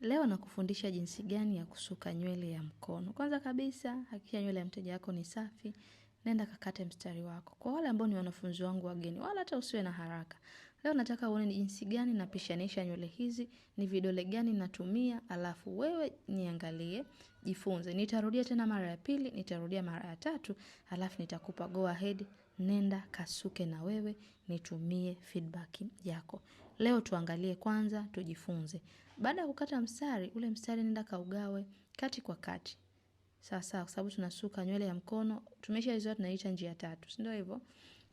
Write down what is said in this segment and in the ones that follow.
Leo nakufundisha jinsi gani ya kusuka nywele ya mkono. Kwanza kabisa, hakikisha nywele ya mteja wako ni safi, nenda kakate mstari wako. Kwa wale ambao ni wanafunzi wangu wageni, wala hata usiwe na haraka. Leo nataka uone ni jinsi gani napishanisha nywele hizi, ni vidole gani natumia, alafu wewe niangalie, jifunze. Nitarudia tena mara ya pili, nitarudia mara ya tatu, alafu nitakupa go ahead, nenda kasuke na wewe, nitumie feedback yako. Leo tuangalie kwanza, tujifunze. Baada ya kukata mstari, ule mstari nenda kaugawe kati kwa kati. Sawa sawa, kwa sababu tunasuka nywele ya mkono, tumeshaizoea tunaita njia tatu, si ndio hivyo?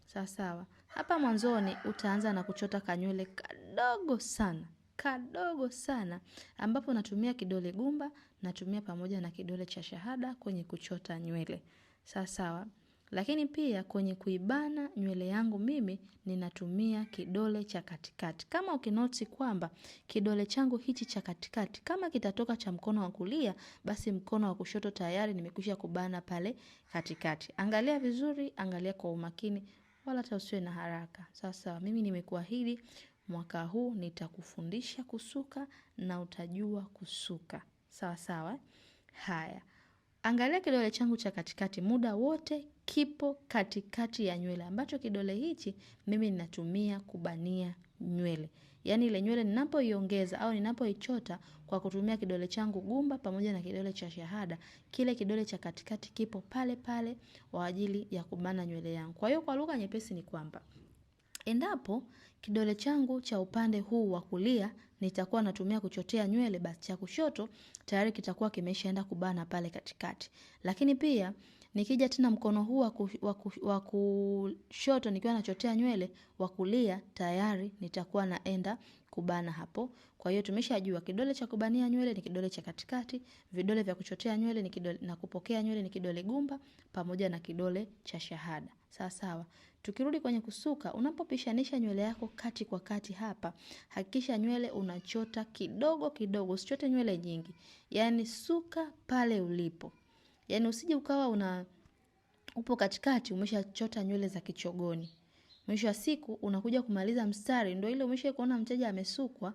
Sawa sawa. Hapa mwanzoni utaanza na kuchota kanywele kadogo sana kadogo sana ambapo natumia kidole gumba natumia pamoja na kidole cha shahada kwenye kuchota nywele. Sawa sawa. Lakini pia kwenye kuibana nywele yangu mimi ninatumia kidole cha katikati. Kama ukinoti kwamba kidole changu hichi cha katikati kama kitatoka cha mkono wa kulia, basi mkono wa kushoto tayari nimekwisha kubana pale katikati. Angalia vizuri, angalia kwa umakini, wala hata usiwe na haraka. Sasa mimi nimekuahidi mwaka huu nitakufundisha kusuka na utajua kusuka. Sawa sawa? Haya. Angalia kidole changu cha katikati, muda wote kipo katikati ya nywele, ambacho kidole hichi mimi ninatumia kubania nywele, yaani ile nywele ninapoiongeza au ninapoichota kwa kutumia kidole changu gumba pamoja na kidole cha shahada, kile kidole cha katikati kipo pale pale kwa ajili ya kubana nywele yangu. Kwa hiyo kwa lugha nyepesi ni kwamba Endapo kidole changu cha upande huu wa kulia nitakuwa natumia kuchotea nywele, basi cha kushoto tayari kitakuwa kimeshaenda kubana pale katikati, lakini pia Nikija tena mkono huu wa kushoto nikiwa nachotea nywele, wa kulia tayari nitakuwa naenda kubana hapo. Kwa hiyo tumeshajua kidole cha kubania nywele ni kidole cha katikati, vidole vya kuchotea nywele ni kidole na kupokea nywele ni kidole gumba pamoja na kidole cha shahada. Sawa sawa. Tukirudi kwenye kusuka, unapopishanisha nywele yako kati kwa kati hapa, hakikisha nywele unachota kidogo kidogo, usichote nywele nyingi. Yaani suka pale ulipo. Yaani usije ukawa una upo katikati umeshachota nywele za kichogoni. Mwisho wa siku unakuja kumaliza mstari ndio ile umesha kuona mteja amesukwa,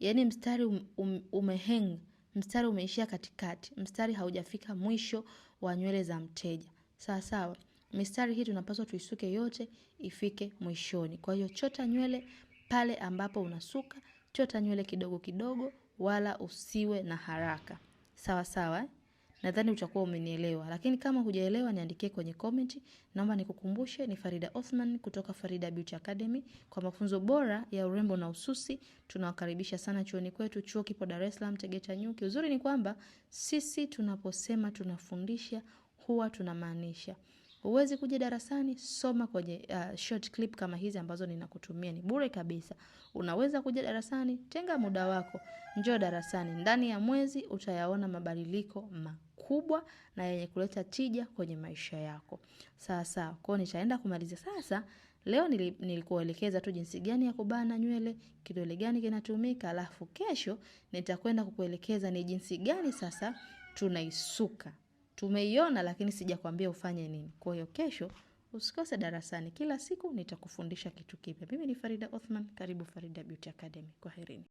yaani mstari um, um, umehang, mstari umeishia katikati, mstari haujafika mwisho wa nywele za mteja. Sawa sawa. Mistari hii tunapaswa tuisuke yote ifike mwishoni. Kwa hiyo chota nywele pale ambapo unasuka, chota nywele kidogo kidogo wala usiwe na haraka. Sawa sawa. Eh? Nadhani utakuwa umenielewa, lakini kama hujaelewa niandikie kwenye comment. Naomba nikukumbushe, ni Farida Othman kutoka Farida Beauty Academy kwa mafunzo bora ya urembo na ususi. Tunawakaribisha sana chuoni kwetu. Chuo kipo Dar es Salaam, Tegeta Nyuki. Uzuri ni kwamba sisi tunaposema tunafundisha huwa tunamaanisha. Huwezi kuja darasani, soma kwenye uh, short clip kama hizi ambazo ninakutumia, ni bure kabisa. Unaweza kuja darasani, tenga muda wako, njoo darasani. Ndani ya mwezi utayaona mabadiliko makubwa na yenye kuleta tija kwenye maisha yako. Sasa kwao nitaenda kumaliza sasa Leo nilikuelekeza tu jinsi gani ya kubana nywele, kidole gani kinatumika, alafu kesho nitakwenda kukuelekeza ni jinsi gani sasa tunaisuka. Tumeiona lakini sijakwambia ufanye nini. Kwa hiyo kesho usikose darasani. Kila siku nitakufundisha kitu kipya. Mimi ni Farida Othman, karibu Farida Beauty Academy. Kwaherini.